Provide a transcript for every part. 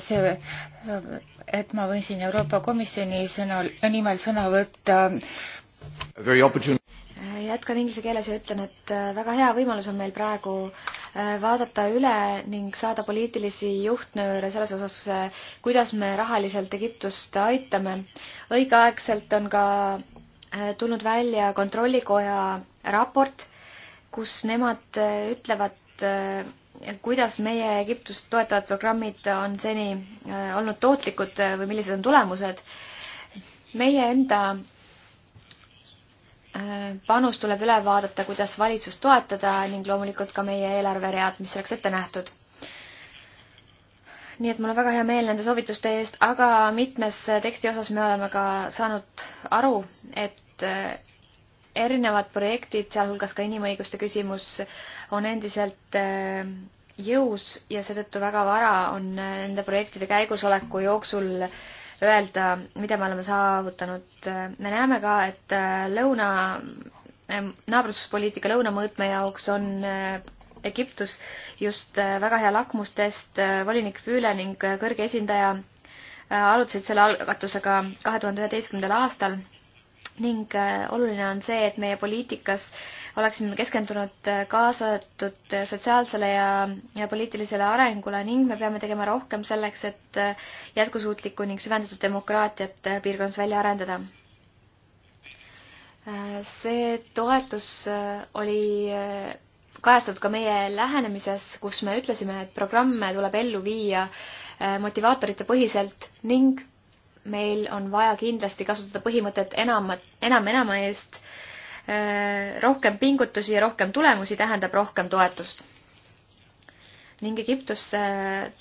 see, et ma võisin Euroopa Komisjoni sõnal, nimel sõna võtta. jätkan inglise keeles ja ütlen, et äh, väga hea võimalus on meil praegu äh, vaadata üle ning saada poliitilisi juhtnööre selles osas, äh, kuidas me rahaliselt Egiptust aitame. õigeaegselt on ka tulnud välja Kontrollikoja raport, kus nemad ütlevad kuidas meie Egiptust toetavad programmid on seni äh, olnud tootlikud äh, või millised on tulemused. meie enda äh, panus tuleb üle vaadata, kuidas valitsust toetada ning loomulikult ka meie eelarveread, mis oleks ette nähtud. nii et mul on väga hea meel nende soovituste eest, aga mitmes teksti osas me oleme ka saanud aru, et erinevad projektid, sealhulgas ka inimõiguste küsimus, on endiselt äh, jõus ja seetõttu väga vara on äh, nende projektide käigusoleku jooksul öelda, mida me oleme saavutanud. me näeme ka, et äh, lõuna, naabruspoliitika lõunamõõtme jaoks on Egiptus just väga hea lakmustest. volinik Füüle ning kõrge esindaja alutasid selle algatusega kahe tuhande üheteistkümnendal aastal ning äh, oluline on see, et meie poliitikas oleksime keskendunud äh, kaasatud äh, sotsiaalsele ja, ja poliitilisele arengule ning me peame tegema rohkem selleks, et jätkusuutlikku ning süvendatud demokraatiat piirkonnas välja arendada. see toetus oli kajastatud ka meie lähenemises, kus me ütlesime, et programme tuleb ellu viia motivaatorite põhiselt ning meil on vaja kindlasti kasutada põhimõtet enam, enam enama eest. Äh, rohkem pingutusi ja rohkem tulemusi tähendab rohkem toetust. ning Egiptus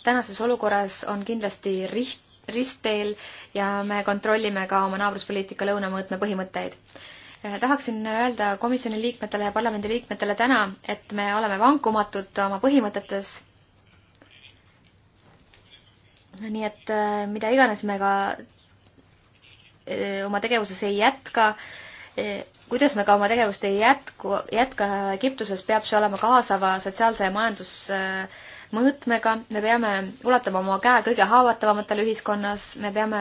tänases olukorras on kindlasti riht, ristteel ja me kontrollime ka oma naabruspoliitika lõunamõõtme põhimõtteid. Äh, tahaksin öelda komisjoni liikmetele ja parlamendi liikmetele täna, et me oleme vankumatud oma põhimõtetes nii et äh, mida iganes me ka äh, oma tegevuses ei jätka, äh, kuidas me ka oma tegevust ei jätku, jätka Egiptuses, peab see olema kaasava sotsiaalse ja majandusmõõtmega, me peame ulatama oma käe kõige haavatavamatele ühiskonnas, me peame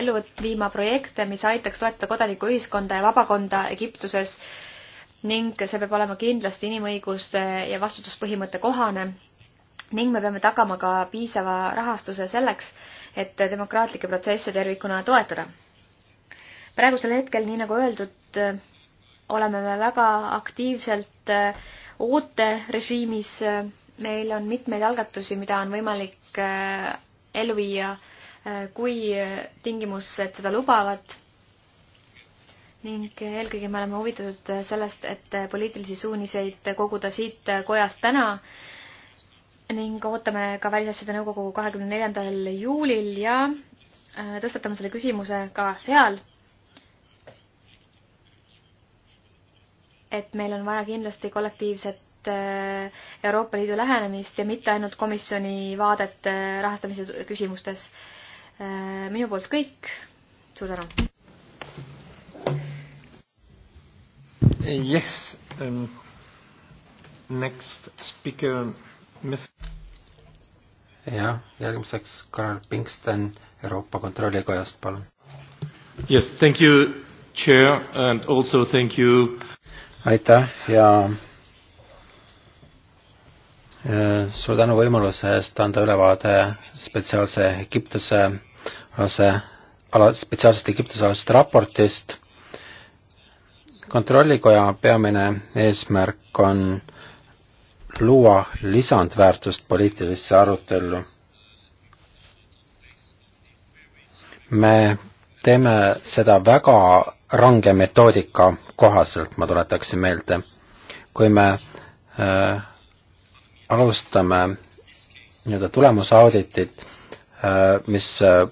ellu viima projekte, mis aitaks toetada kodanikuühiskonda ja vabakonda Egiptuses ning see peab olema kindlasti inimõiguste ja vastutuspõhimõtte kohane ning me peame tagama ka piisava rahastuse selleks, et demokraatlikke protsesse tervikuna toetada. praegusel hetkel, nii nagu öeldud, oleme me väga aktiivselt ooterežiimis, äh, meil on mitmeid algatusi, mida on võimalik äh, ellu viia, äh, kui tingimused seda lubavad ning eelkõige me oleme huvitatud sellest, et poliitilisi suuniseid koguda siit kojast täna ning ootame ka Välisasjade Nõukogu kahekümne neljandal juulil ja äh, tõstatame selle küsimuse ka seal. et meil on vaja kindlasti kollektiivset äh, Euroopa Liidu lähenemist ja mitte ainult komisjoni vaadet äh, rahastamise küsimustes. minu poolt kõik, suur tänu! Yes um,, next speaker mis? jah, järgmiseks Karel Pinkston Euroopa Kontrollikojast, palun. Yes, thank you, chair and also thank you. aitäh ja e, suur tänu võimaluse eest anda ülevaade spetsiaalse Egiptuse alase, ala, spetsiaalsest Egiptuse alasest raportist. kontrollikoja peamine eesmärk on äh, luua lisandväärtust poliitilisse arutellu. me teeme seda väga range metoodika kohaselt, ma tuletaksin meelde. kui me äh, alustame nii-öelda tulemusauditit äh,, mis äh,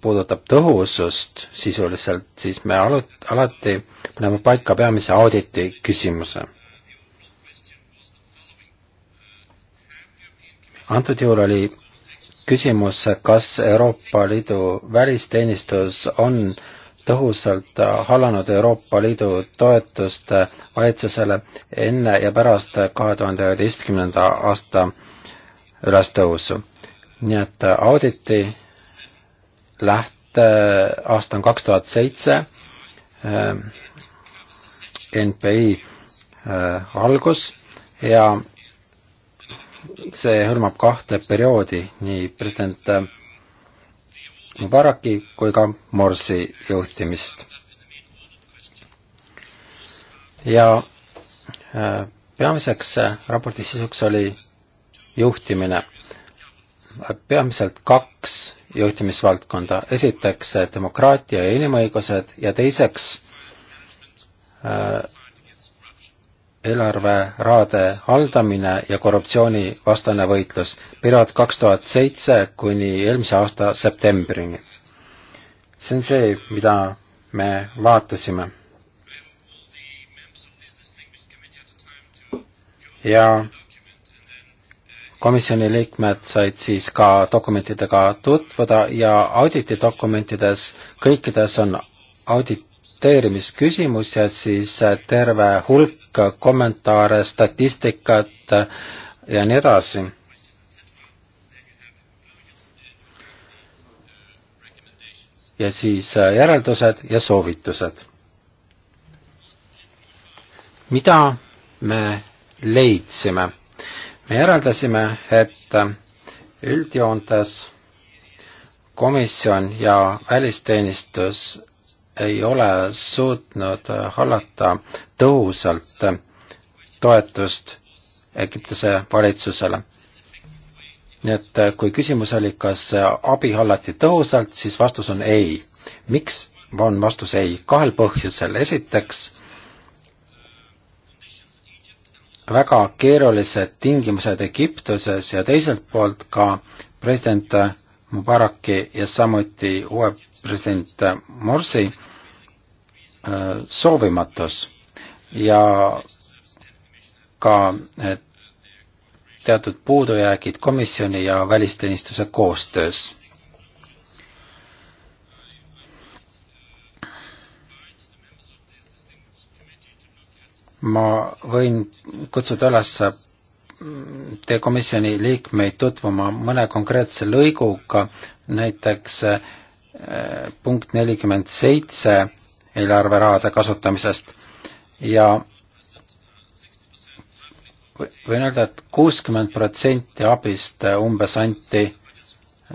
puudutab tõhusust sisuliselt, siis me alut-, alati paneme paika peamise auditi küsimuse antud juhul oli küsimus, kas Euroopa Liidu välisteenistus on tõhusalt hallanud Euroopa Liidu toetust valitsusele enne ja pärast kahe tuhande üheteistkümnenda aasta ülestõusu. nii et auditi lähteaasta on kaks tuhat seitse, äh, NPI äh, algus ja see hõlmab kahte perioodi, nii president äh, Mubaraki kui ka Morsi juhtimist. ja äh, peamiseks äh, raporti sisuks oli juhtimine. peamiselt kaks juhtimisvaldkonda, esiteks demokraatia ja inimõigused ja teiseks eelarverahade haldamine ja korruptsioonivastane võitlus, periood kaks tuhat seitse kuni eelmise aasta septembrini. see on see, mida me vaatasime. ja komisjoni liikmed said siis ka dokumentidega tutvuda ja auditi dokumentides kõikides on audit akrediteerimisküsimuses siis äh, terve hulk kommentaare, statistikat äh, ja nii edasi. ja siis äh, järeldused ja soovitused. mida me leidsime? me järeldasime, et üldjoontes komisjon ja välisteenistus ei ole suutnud äh, hallata tõhusalt toetust Egiptuse valitsusele. nii et äh, kui küsimus oli, kas äh, abi hallati tõhusalt, siis vastus on ei. miks on vastus ei? kahel põhjusel. esiteks, väga keerulised tingimused Egiptuses ja teiselt poolt ka president Mubaraki ja samuti uue president Morsi soovimatus ja ka teatud puudujäägid komisjoni ja välisteenistuse koostöös. ma võin kutsuda üles teie komisjoni liikmeid tutvuma mõne konkreetse lõiguga, näiteks eh, punkt nelikümmend seitse eelarverahade kasutamisest ja võin öelda, et kuuskümmend protsenti abist umbes anti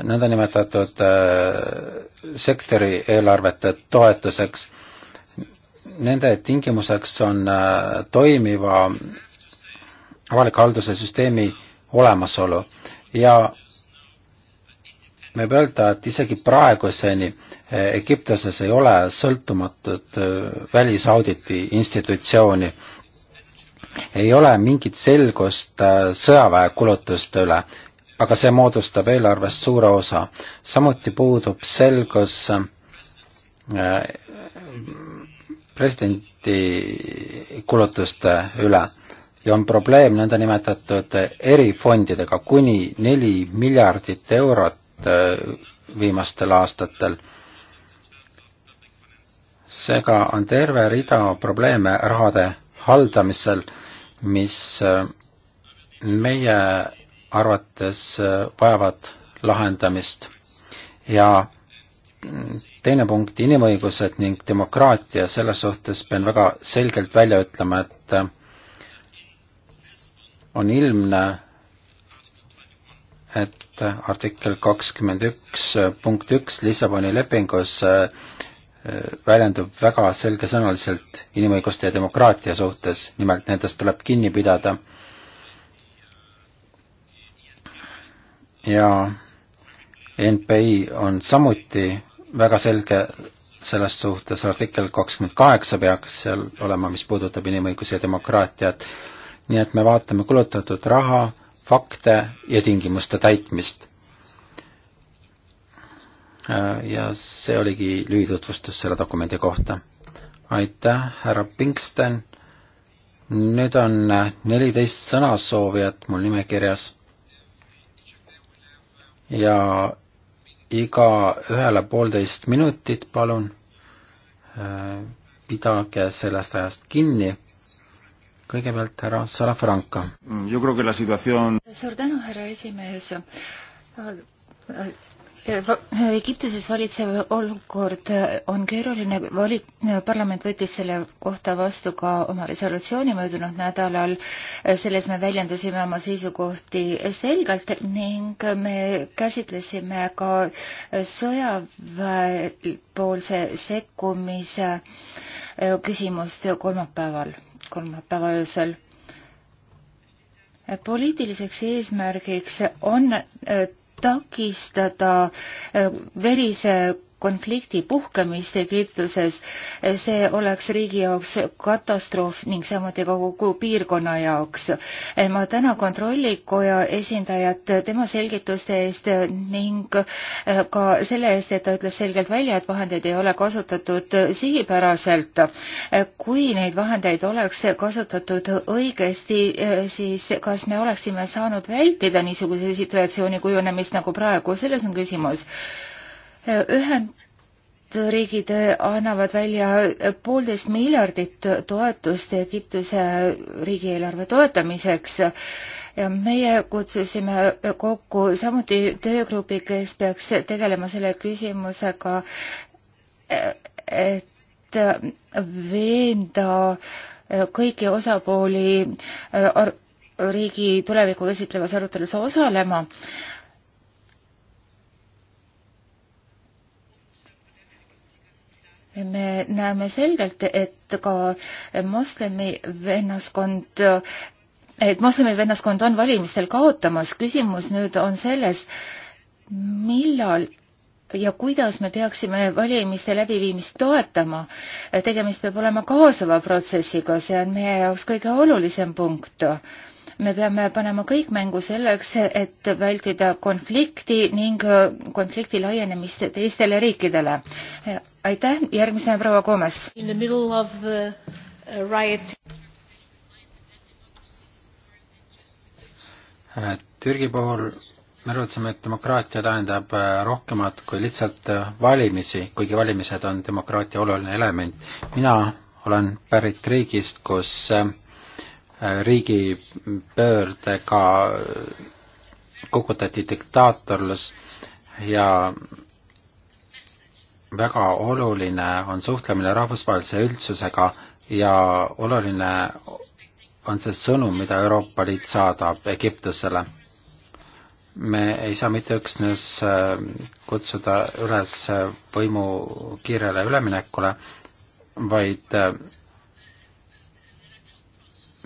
nõndanimetatud äh, sektori eelarvete toetuseks. Nende tingimuseks on äh, toimiva avaliku halduse süsteemi olemasolu ja võib öelda, et isegi praeguseni äh, Egiptuses ei ole sõltumatut äh, välisauditi institutsiooni. ei ole mingit selgust äh, sõjaväekulutuste üle, aga see moodustab eelarvest suure osa. samuti puudub selgus äh, presidendi kulutuste üle ja on probleem nõndanimetatud erifondidega kuni neli miljardit eurot viimastel aastatel seega on terve rida probleeme rahade haldamisel, mis äh, meie arvates äh, vajavad lahendamist. ja mm, teine punkt, inimõigused ning demokraatia, selles suhtes pean väga selgelt välja ütlema, et äh, on ilmne, et artikkel kakskümmend üks punkt üks Lissaboni lepingus äh, väljendub väga selgesõnaliselt inimõiguste ja demokraatia suhtes, nimelt nendest tuleb kinni pidada. ja NPI on samuti väga selge selles suhtes, artikkel kakskümmend kaheksa peaks seal olema, mis puudutab inimõigusi ja demokraatiat. nii et me vaatame kulutatud raha, fakte ja tingimuste täitmist Äh, ja see oligi lühitutvustus selle dokumendi kohta. aitäh, härra Pinksten. nüüd on neliteist sõnasoovijat mul nimekirjas. ja igaühele poolteist minutit, palun. Äh, pidage sellest ajast kinni kõigepealt härra Salafranca. suur tänu, härra esimees. Egiptuses valitsev olukord on keeruline, vali-, parlament võttis selle kohta vastu ka oma resolutsiooni möödunud nädalal, selles me väljendasime oma seisukohti selgelt ning me käsitlesime ka sõjaväepoolse sekkumise küsimust kolmapäeval, kolmapäeva öösel poliitiliseks eesmärgiks on takistada äh, verise konflikti puhkemist Egiptuses. see oleks riigi jaoks katastroof ning samuti kogu piirkonna jaoks. ma tänan Kontrollikoja esindajat tema selgituste eest ning ka selle eest, et ta ütles selgelt välja, et vahendeid ei ole kasutatud sihipäraselt. kui neid vahendeid oleks kasutatud õigesti, siis kas me oleksime saanud vältida niisuguse situatsiooni kujunemist nagu praegu, selles on küsimus Ühendriigid annavad välja poolteist miljardit toetust Egiptuse riigieelarve toetamiseks ja meie kutsusime kokku samuti töögrupi, kes peaks tegelema selle küsimusega, et veenda kõiki osapooli riigi tulevikku käsitlevas arutelus osalema me näeme selgelt, et ka moslemi vennaskond et moslemi vennaskond on valimistel kaotamas. küsimus nüüd on selles, millal ja kuidas me peaksime valimiste läbiviimist toetama. tegemist peab olema kaasava protsessiga, see on meie jaoks kõige olulisem punkt me peame panema kõik mängu selleks, et vältida konflikti ning äh, konflikti laienemist teistele riikidele. aitäh, järgmisena proua Koomes. Uh, äh, Türgi puhul me rõhutasime, et demokraatia tähendab äh, rohkemat kui lihtsalt valimisi, kuigi valimised on demokraatia oluline element. mina olen pärit riigist, kus riigipöördega kukutati diktaatorlus ja väga oluline on suhtlemine rahvusvahelise üldsusega ja oluline on see sõnum, mida Euroopa Liit saadab Egiptusele. me ei saa mitte üksnes äh, kutsuda üles võimu kiirele üleminekule, vaid äh,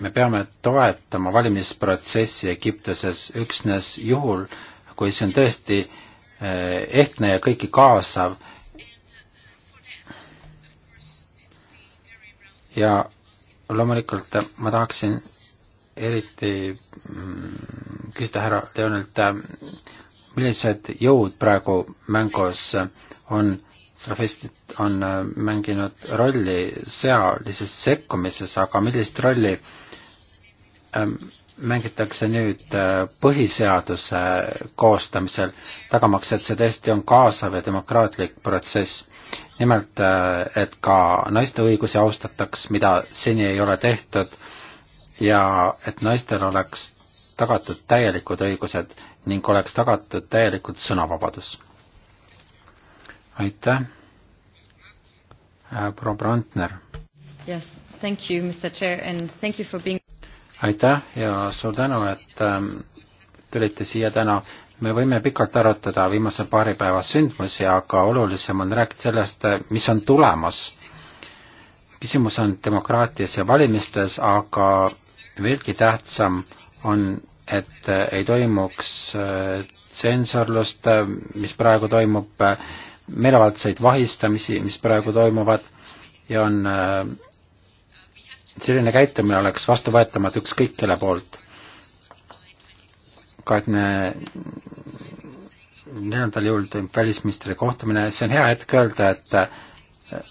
me peame toetama valimisprotsessi Egiptuses üksnes juhul, kui see on tõesti eh, ehtne ja kõiki kaasav. ja loomulikult ma tahaksin eriti mm, küsida härra Leonilt, eh, millised jõud praegu mängus on, salafistid on eh, mänginud rolli sõjalises sekkumises, aga millist rolli äh, mängitakse nüüd äh, põhiseaduse koostamisel, tagamaks, et see tõesti on kaasav ja demokraatlik protsess. nimelt, äh, et ka naiste õigusi austataks, mida seni ei ole tehtud, ja et naistel oleks tagatud täielikud õigused ning oleks tagatud täielikult sõnavabadus. aitäh, äh, proua Brandner. Yes, thank you, Mr Chair and thank you for being aitäh ja suur tänu, et ähm, tulite siia täna. me võime pikalt arutada viimase paari päeva sündmusi, aga olulisem on rääkida sellest, mis on tulemas. küsimus on demokraatias ja valimistes, aga veelgi tähtsam on, et äh, ei toimuks äh, tsensorlust, äh, mis praegu toimub, meelevaldseid vahistamisi, mis praegu toimuvad ja on selline käitumine oleks vastuvõetamatu ükskõik kelle poolt. kahekümne neljandal juhul toimub välisministri kohtumine, see on hea hetk öelda, et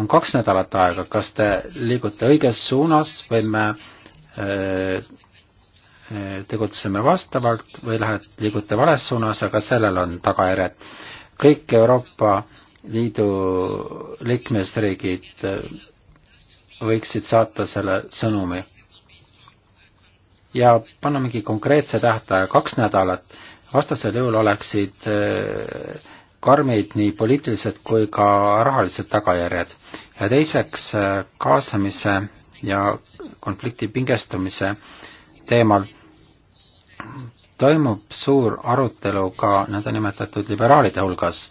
on kaks nädalat aega, kas te liigute õiges suunas või me eh, tegutseme vastavalt või lähed, liigute vales suunas, aga sellel on tagajärjed. kõik Euroopa Liidu liikmesriigid võiksid saata selle sõnumi. ja panna mingi konkreetse tähtaja, kaks nädalat, vastasel juhul oleksid eh, karmid nii poliitilised kui ka rahalised tagajärjed. ja teiseks eh, kaasamise ja konflikti pingestumise teemal toimub suur arutelu ka nõndanimetatud liberaalide hulgas.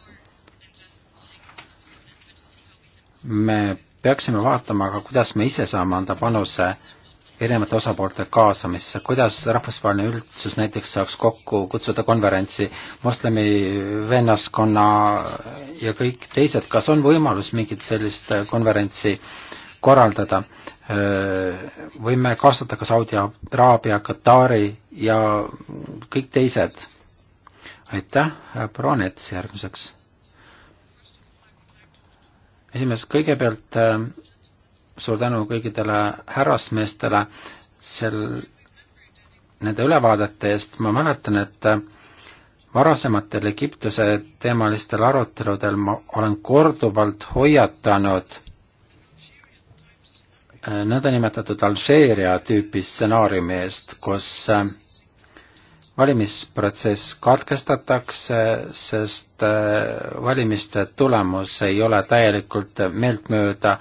me peaksime vaatama ka, kuidas me ise saame anda panuse erinevate osapoolte kaasamisse, kuidas rahvusvaheline üldsus näiteks saaks kokku kutsuda konverentsi moslemi vennaskonna ja kõik teised, kas on võimalus mingit sellist konverentsi korraldada? Võime kaasata ka Saudi Araabia, Katari ja kõik teised. aitäh, proua Nets järgmiseks esimees, kõigepealt äh, suur tänu kõikidele härrasmeestele sel, nende ülevaadete eest, ma mäletan, et äh, varasematel Egiptuse teemalistel aruteludel ma olen korduvalt hoiatanud äh, nõndanimetatud Alžeeria tüüpi stsenaariumi eest, kus valimisprotsess katkestatakse, sest äh, valimiste tulemus ei ole täielikult meeltmööda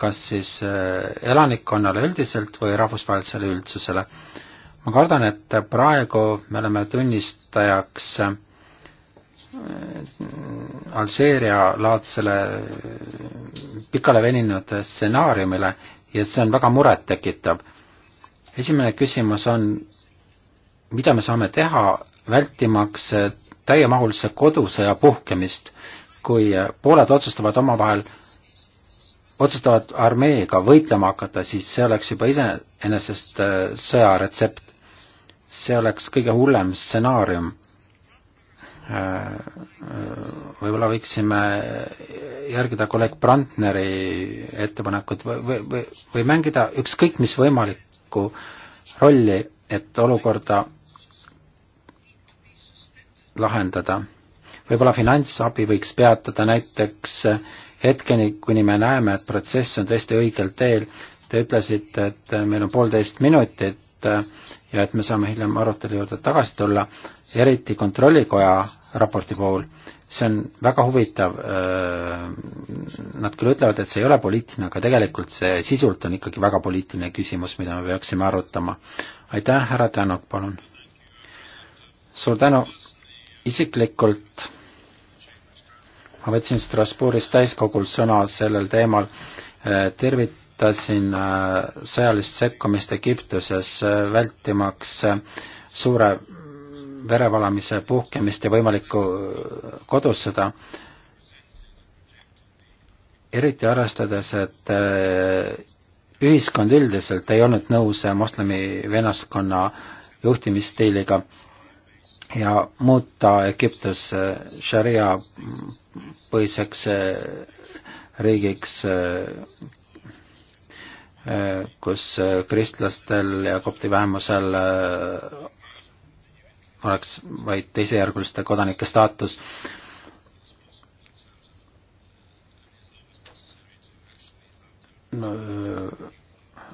kas siis äh, elanikkonnale üldiselt või rahvusvahelisele üldsusele. ma kardan, et praegu me oleme tunnistajaks äh, Alžeeria-laadsele pikale veninud stsenaariumile ja see on väga murettekitav. esimene küsimus on, mida me saame teha, vältimaks täiemahulise kodusõja puhkemist, kui pooled otsustavad omavahel, otsustavad armeega võitlema hakata, siis see oleks juba iseenesest äh, sõjaretsept. see oleks kõige hullem stsenaarium. Äh, äh, võib-olla võiksime järgida kolleeg Brandneri ettepanekut või, või, või, või mängida ükskõik mis võimalikku rolli, et olukorda lahendada. võib-olla finantsabi võiks peatada näiteks eh, hetkeni, kuni me näeme, et protsess on tõesti õigel teel. Te ütlesite, et eh, meil on poolteist minutit eh, ja et me saame hiljem arutelu juurde tagasi tulla, eriti Kontrollikoja raporti puhul. see on väga huvitav, nad küll ütlevad, et see ei ole poliitiline, aga tegelikult see sisult on ikkagi väga poliitiline küsimus, mida me peaksime arutama. aitäh, härra Tänak, palun! suur tänu! isiklikult ma võtsin Strasbourgis täiskogul sõna sellel teemal, eh, tervitasin eh, sõjalist sekkumist Egiptuses, eh, vältimaks suure verevalamise puhkemist ja võimalikku kodusõda, eriti arvestades, et ühiskond üldiselt ei olnud nõus moslemi vennaskonna juhtimisstiiliga ja muuta Egiptus äh, šaria põhiseks äh, riigiks, äh, kus kristlastel ja kopti vähemusel oleks vaid teisejärguliste kodanike staatus. no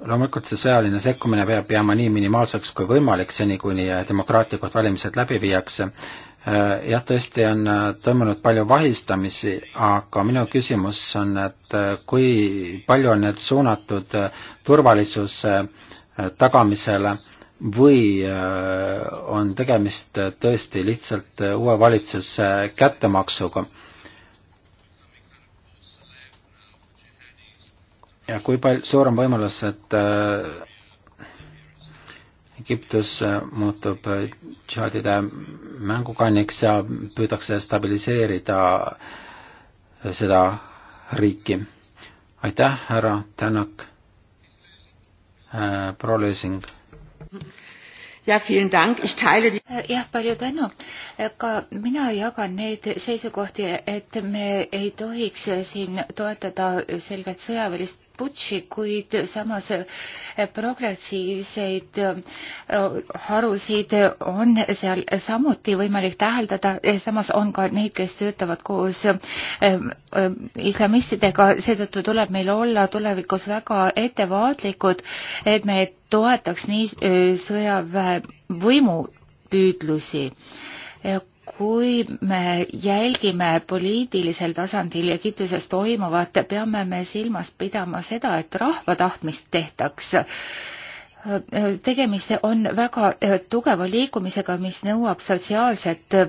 loomulikult see sõjaline sekkumine peab jääma nii minimaalseks kui võimalik, seni kuni demokraatlikud valimised läbi viiakse. Äh, jah, tõesti on äh, toimunud palju vahistamisi, aga minu küsimus on, et äh, kui palju on need suunatud turvalisuse tagamisele või on tegemist tõesti lihtsalt uue valitsuse kättemaksuga ja kui palju, suur on võimalus, et äh, Egiptus äh, muutub äh, džihaadide mängukanniks ja püüdakse stabiliseerida seda riiki. aitäh, härra Tänak äh,, proua Lösing. jah, palju tänu. ka mina jagan neid seisukohti, et me ei tohiks siin toetada selgelt sõjaväelist putši, kuid samas eh, progressiivseid eh, harusid on seal samuti võimalik täheldada, eh, samas on ka neid, kes töötavad koos islamistidega, seetõttu tuleb meil olla tulevikus väga ettevaatlikud, et me toetaks nii sõjaväe võimupüüdlusi kui me jälgime poliitilisel tasandil Egiptuses toimuvat, peame me silmas pidama seda, et rahva tahtmist tehtaks. tegemist on väga äh, tugeva liikumisega, mis nõuab sotsiaalset äh,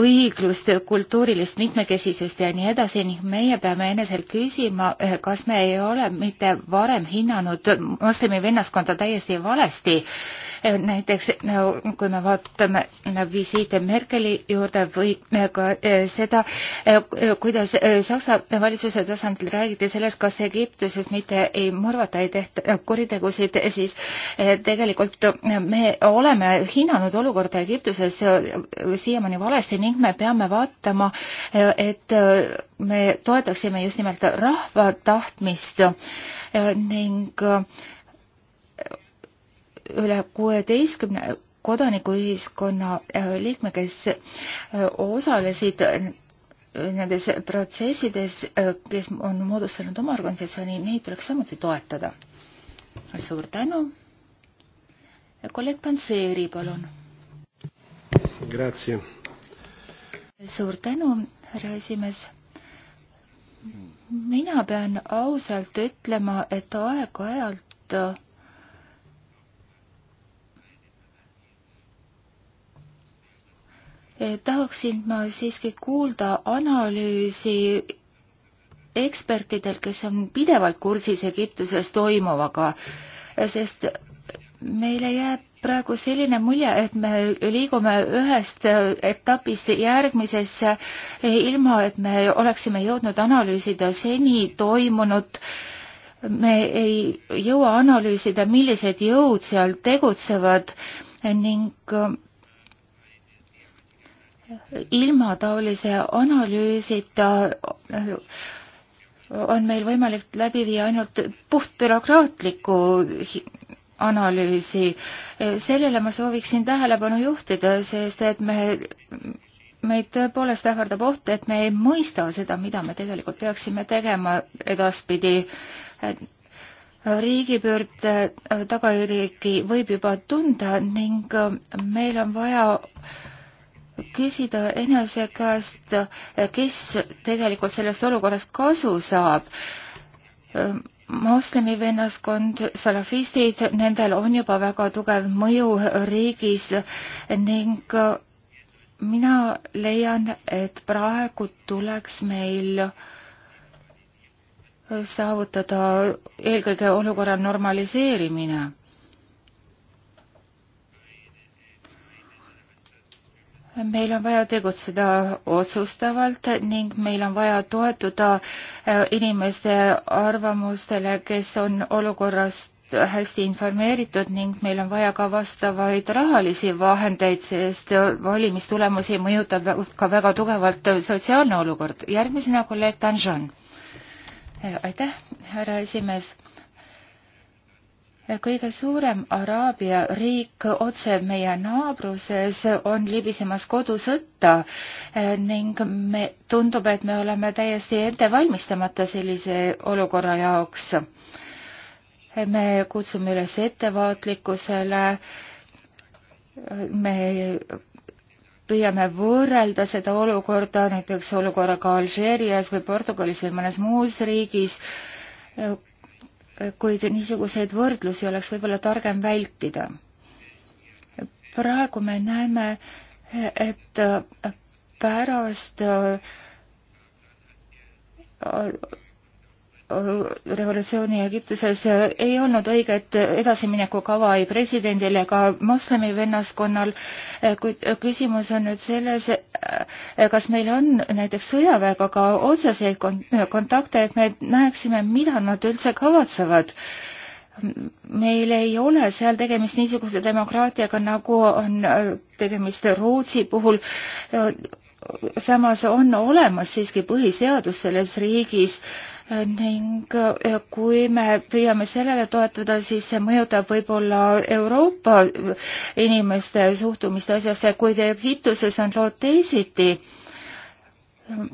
õiglust, kultuurilist mitmekesisust ja nii edasi ning meie peame eneselt küsima, äh, kas me ei ole mitte varem hinnanud moslemi vennaskonda täiesti valesti näiteks kui me vaatame visiite Merkeli juurde või ka e, seda, e, kuidas e, Saksa valitsuse tasandil räägiti sellest, kas Egiptuses mitte ei mõrvata, ei tehta kuritegusid, siis tegelikult me oleme hinnanud olukorda Egiptuses siiamaani valesti ning me peame vaatama, et me toetaksime just nimelt rahva tahtmist ning üle kuueteistkümne kodanikuühiskonna äh, liikme, kes äh, osalesid äh, nendes protsessides, kes on moodustanud oma organisatsiooni, neid tuleks samuti toetada. suur tänu. kolleeg Panseeri, palun. suur tänu, härra esimees mina pean ausalt ütlema, et aeg-ajalt Eh, tahaksin ma siiski kuulda analüüsi ekspertidel, kes on pidevalt kursis Egiptuses toimuvaga, sest meile jääb praegu selline mulje, et me liigume ühest etapist järgmisesse, ilma et me oleksime jõudnud analüüsida seni toimunut. me ei jõua analüüsida, millised jõud seal tegutsevad ning ilma taolise analüüsita äh, on meil võimalik läbi viia ainult puht bürokraatlikku analüüsi. sellele ma sooviksin tähelepanu juhtida, sest et me, meid tõepoolest ähvardab oht, et me ei mõista seda, mida me tegelikult peaksime tegema edaspidi. riigipöörde tagajärgi võib juba tunda ning meil on vaja küsida enese käest, kes tegelikult sellest olukorrast kasu saab. moslemi vennaskond, salafistid, nendel on juba väga tugev mõju riigis ning mina leian, et praegu tuleks meil saavutada eelkõige olukorra normaliseerimine meil on vaja tegutseda otsustavalt ning meil on vaja toetuda äh, inimeste arvamustele, kes on olukorrast hästi informeeritud ning meil on vaja ka vastavaid rahalisi vahendeid, sest valimistulemusi mõjutab ka väga tugevalt sotsiaalne olukord. järgmisena kolleeg Danjon. Äh, aitäh, härra esimees kõige suurem Araabia riik otse meie naabruses on libisemas kodusõtta eh, ning me, tundub, et me oleme täiesti ette valmistamata sellise olukorra jaoks. me kutsume üles ettevaatlikkusele, me püüame võrrelda seda olukorda näiteks olukorraga Alžeerias või Portugalis või mõnes muus riigis, kuid niisuguseid võrdlusi oleks võib-olla targem vältida. praegu me näeme, et pärast revolutsiooni Egiptuses ei olnud õiget edasiminekukava ei presidendil ega moslemi vennaskonnal, kuid küsimus on nüüd selles, kas meil on näiteks sõjaväega ka otseseid kontakte, et me näeksime, mida nad üldse kavatsevad meil ei ole seal tegemist niisuguse demokraatiaga, nagu on tegemist Rootsi puhul. samas on olemas siiski põhiseadus selles riigis ning eh, kui me püüame sellele toetuda, siis see mõjutab võib-olla Euroopa inimeste suhtumist asjasse, kuid Egiptuses on lood teisiti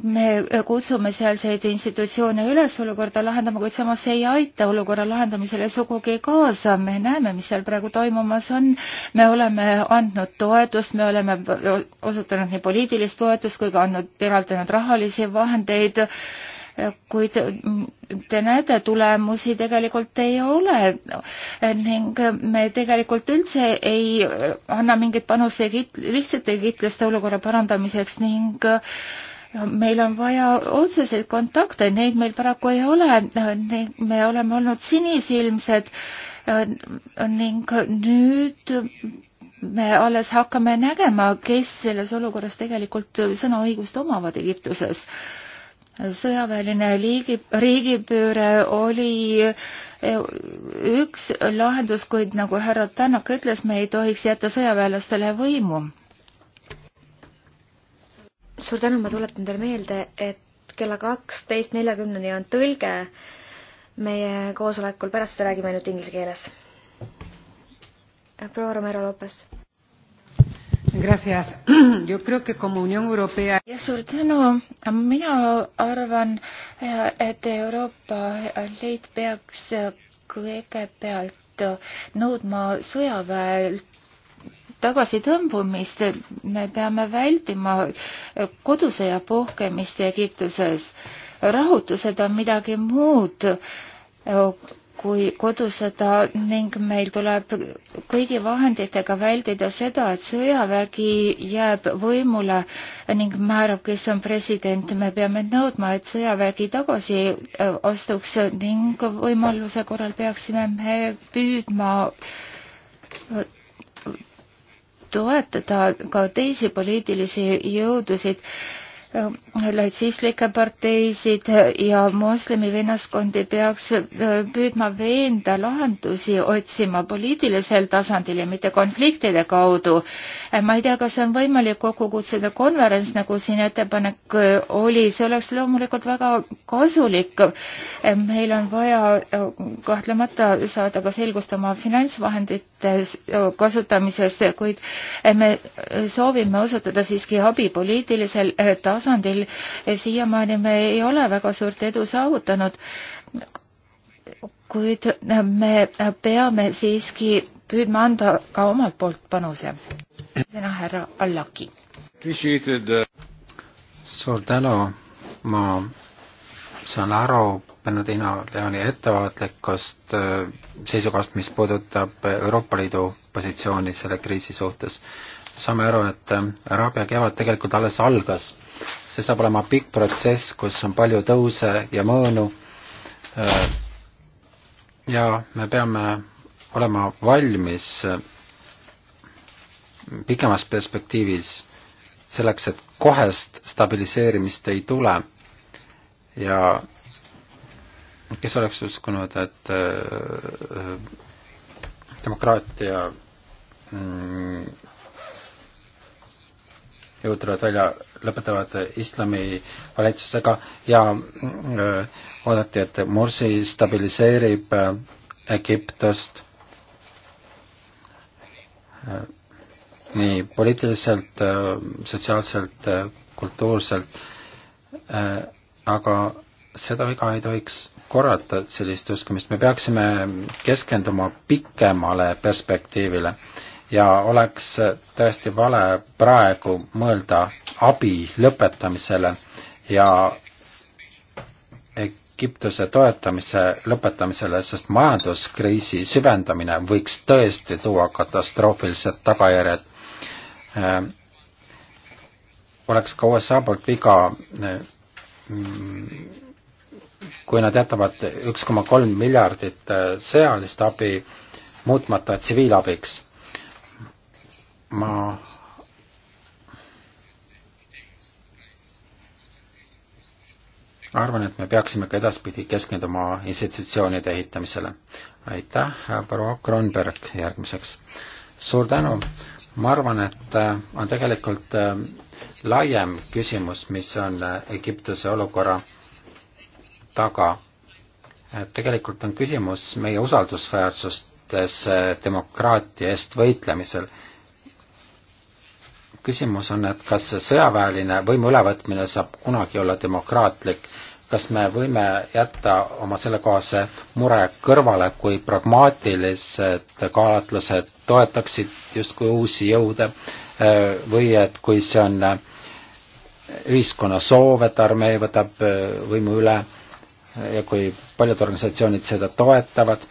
me kutsume sealseid institutsioone üles olukorda lahendama, kuid samas ei aita olukorra lahendamisele sugugi kaasa. me näeme, mis seal praegu toimumas on. me oleme andnud toetust, me oleme osutanud nii poliitilist toetust kui ka andnud, eraldanud rahalisi vahendeid äh, kuid te näete, tulemusi tegelikult ei ole ning me tegelikult üldse ei anna mingit panust lihtsalt egiptlaste olukorra parandamiseks ning meil on vaja otseseid kontakte, neid meil paraku ei ole, me oleme olnud sinisilmsed ning nüüd me alles hakkame nägema, kes selles olukorras tegelikult sõnaõigust omavad Egiptuses sõjaväeline liigi, riigipööre oli eh, üks lahendus, kuid nagu härra Tannak ütles, me ei tohiks jätta sõjaväelastele võimu. suur tänu, ma tuletan teile meelde, et kella kaksteist neljakümneni on tõlge meie koosolekul, pärast seda räägime ainult inglise keeles. proua Romero Lopes Europea... ja suur tänu, mina arvan, eh, et Euroopa Liit peaks kõigepealt nõudma sõjaväel tagasitõmbumist, me peame vältima kodusõja puhkemist Egiptuses. rahutused on midagi muud kui kodusõda ning meil tuleb kõigi vahenditega vältida seda, et sõjavägi jääb võimule ning määrab, kes on president. me peame nõudma, et sõjavägi tagasi äh, astuks ning võimaluse korral peaksime me püüdma äh, toetada ka teisi poliitilisi jõudusid Äh, latsistlikke parteisid ja moslemi vennaskondi peaks äh, püüdma veenda lahendusi otsima poliitilisel tasandil ja mitte konfliktide kaudu. Äh, ma ei tea, kas on võimalik kokku kutsuda konverents, nagu siin ettepanek oli, see oleks loomulikult väga kasulik. meil on vaja kahtlemata saada ka selgust oma finantsvahendite kasutamisest, kuid me soovime osutada siiski abi poliitilisel tasandil tasandil siiamaani me ei ole väga suurt edu saavutanud, kuid me peame siiski püüdma anda ka omalt poolt panuse. sõna härra Allaki. Uh, suur tänu, ma saan aru Bernardino Leoni ettevaatlikust uh, seisukohast, mis puudutab Euroopa Liidu positsiooni selle kriisi suhtes. saame aru, et uh, Araabia kevad tegelikult alles algas see saab olema pikk protsess, kus on palju tõuse ja mõõnu. Äh, ja me peame olema valmis äh, pikemas perspektiivis selleks, et kohest stabiliseerimist ei tule. ja kes oleks uskunud, et äh, demokraatia mm, jõud tulevad välja, lõpetavad islami valitsusega ja öö, mm, äh, oodati, et Morsi stabiliseerib äh, Egiptust äh, nii poliitiliselt, sotsiaalselt, kultuurselt, aga seda viga ei tohiks korrata, sellist uskumist, me peaksime keskenduma pikemale perspektiivile ja oleks täiesti vale praegu mõelda abi lõpetamisele ja Egiptuse toetamise lõpetamisele, sest majanduskriisi süvendamine võiks tõesti tuua katastroofilised tagajärjed. Äh, oleks ka USA poolt viga, äh, kui nad jätavad üks koma kolm miljardit äh, sõjalist abi muutmata tsiviilabiks ma arvan, et me peaksime ka edaspidi keskenduma institutsioonide ehitamisele. aitäh, proua Kronberg järgmiseks. suur tänu, ma arvan, et äh, on tegelikult äh, laiem küsimus, mis on äh, Egiptuse olukorra taga. et tegelikult on küsimus meie usaldusväärsustes demokraatia eest võitlemisel küsimus on, et kas sõjaväeline võimu ülevõtmine saab kunagi olla demokraatlik, kas me võime jätta oma sellekohase mure kõrvale, kui pragmaatilised kaalutlused toetaksid justkui uusi jõude või et kui see on äh, ühiskonna soov, et armee võtab äh, võimu üle äh, ja kui paljud organisatsioonid seda toetavad,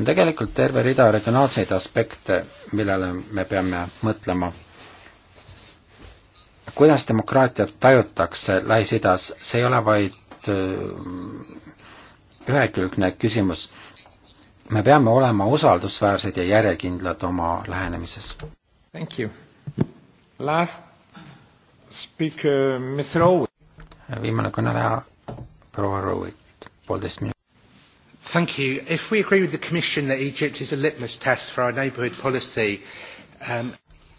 on tegelikult terve rida regionaalseid aspekte, millele me peame mõtlema kuidas demokraatiat tajutakse Lähis-Idas, see ei ole vaid äh, ühekülgne küsimus. me peame olema usaldusväärsed ja järjekindlad oma lähenemises. Thank you. Last speaker, Mr Owen. viimane kõneleja, proua Rowit, poolteist minutit. Thank you. If we agree with the Commission that Egypt is a litmus test for our neighbourhood policy, um,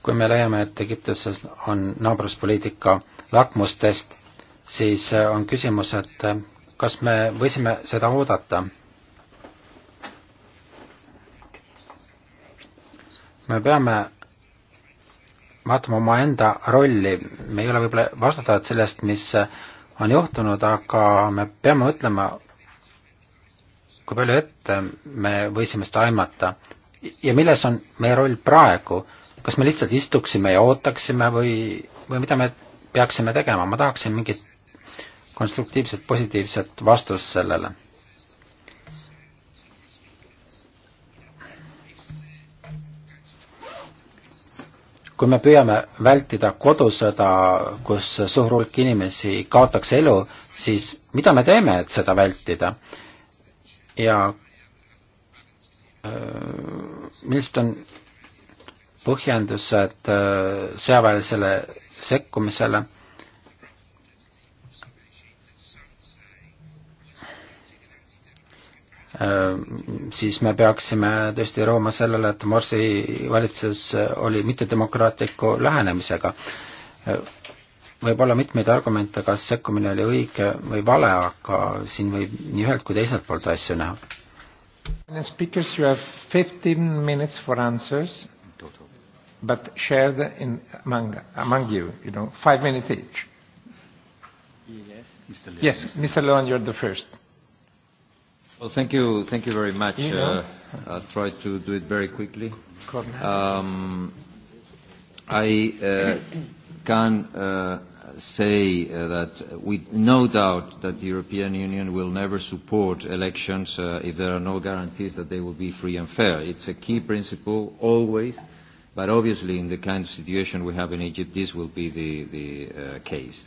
kui me leiame, et Egiptuses on naabruspoliitika lakmustest, siis äh, on küsimus, et äh, kas me võisime seda oodata. me peame vaatama omaenda rolli, me ei ole võib-olla vastutajad sellest, mis äh, on juhtunud, aga me peame mõtlema, kui palju ette me võisime seda aimata ja milles on meie roll praegu kas me lihtsalt istuksime ja ootaksime või, või mida me peaksime tegema, ma tahaksin mingit konstruktiivset, positiivset vastust sellele. kui me püüame vältida kodusõda, kus suur hulk inimesi kaotaks elu, siis mida me teeme, et seda vältida? ja äh, millised on põhjendused äh, sõjaväelisele sekkumisele. Äh, siis me peaksime tõesti rõõma sellele, et Morsi valitsus oli mittedemokraatliku lähenemisega. võib olla mitmeid argumente, kas sekkumine oli õige või vale, aga siin võib nii ühelt kui teiselt poolt asju näha. Speakers, you have fifteen minutes for answers but shared in, among, among you, you know, five minutes each. Yes, Mr. Leon, yes, Mr. Leon you're the first. Well, thank you, thank you very much. You know? uh, I'll try to do it very quickly. Um, I uh, can uh, say uh, that with no doubt that the European Union will never support elections uh, if there are no guarantees that they will be free and fair. It's a key principle always. Uh, But obviously, in the kind of situation we have in Egypt, this will be the, the uh, case.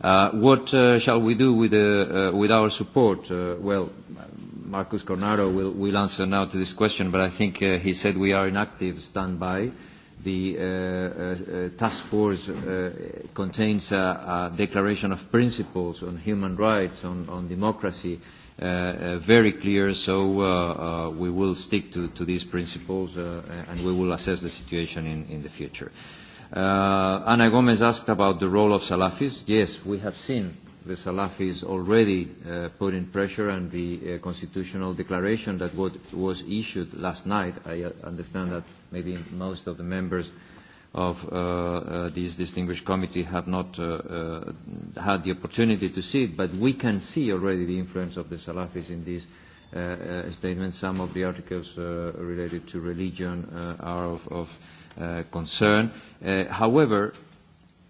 Uh, what uh, shall we do with, uh, uh, with our support? Uh, well, Marcus Cornaro will, will answer now to this question, but I think uh, he said we are in active standby. Uh, the uh, uh, uh, task force uh, contains a, a declaration of principles on human rights, on, on democracy, uh, uh, very clear, so uh, uh, we will stick to, to these principles uh, and we will assess the situation in, in the future. Uh, Ana Gomez asked about the role of Salafis. Yes, we have seen uh, the Salafis already uh, put in pressure and the uh, constitutional declaration that what was issued last night, I uh, understand that maybe most of the members of uh, uh, this distinguished committee have not uh, uh, had the opportunity to see it, but we can see already the influence of the Salafis in these uh, uh, statements. Some of the articles uh, related to religion uh, are of, of uh, concern. Uh, however,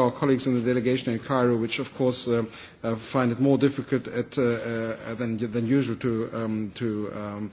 our colleagues in the delegation in Cairo, which of course um, uh, find it more difficult at, uh, uh, than, than usual to, um, to um,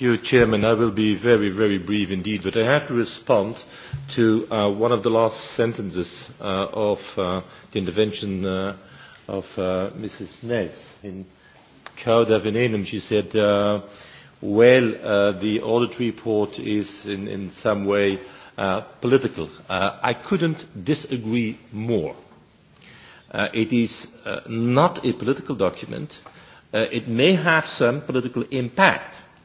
You, Chairman, I will be very, very brief indeed, but I have to respond to uh, one of the last sentences uh, of uh, the intervention uh, of uh, Mrs. Nels. In Cauda Venenum, she said, uh, well, uh, the audit report is in, in some way uh, political. Uh, I couldn't disagree more. Uh, it is uh, not a political document. Uh, it may have some political impact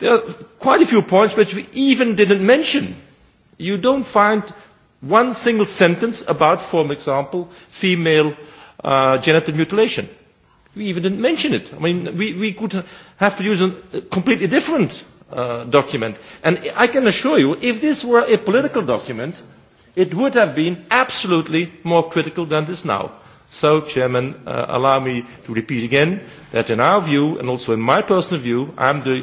There are quite a few points which we even didn't mention. You don't find one single sentence about, for example, female uh, genital mutilation. We even didn't mention it. I mean, we, we could have to use a completely different uh, document. And I can assure you, if this were a political document, it would have been absolutely more critical than this now. So, Chairman, uh, allow me to repeat again that in our view, and also in my personal view, I'm the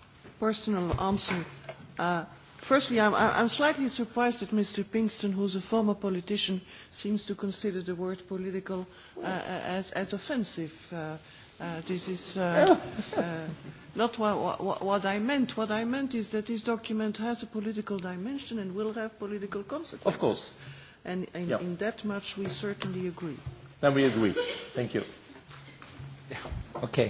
personal answer. Uh, firstly, I'm, I'm slightly surprised that Mr. Pinkston, who's a former politician, seems to consider the word political uh, uh as, as offensive. Uh, Uh, this is uh, uh, not what, what, what I meant. What I meant is that this document has a political dimension and will have political consequences. Of course. And in, yeah. in that much we certainly agree. Then we agree. Thank you. Okay.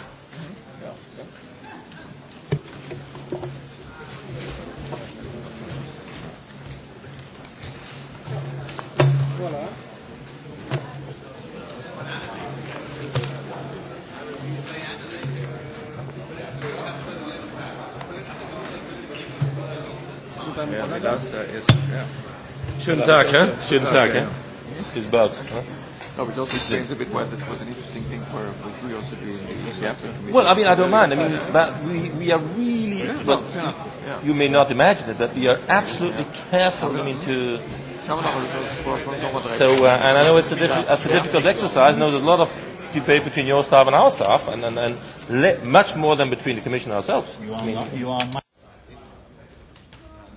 Schönen Tag, hä? Schönen Tag, hä? Bis bald. No, but also explains a bit why this was an interesting thing for, for you also being the African Committee. Well, I mean, I don't mind. I mean, but we, we are really, yeah, but yeah, yeah. you may not imagine it, but we are absolutely yeah. careful, I mean, to... So, uh, and I know it's a, diff- it's a difficult exercise. I know there's a lot of debate between your staff and our staff, and, and, and le- much more than between the Commission ourselves. You are I mean, not, you are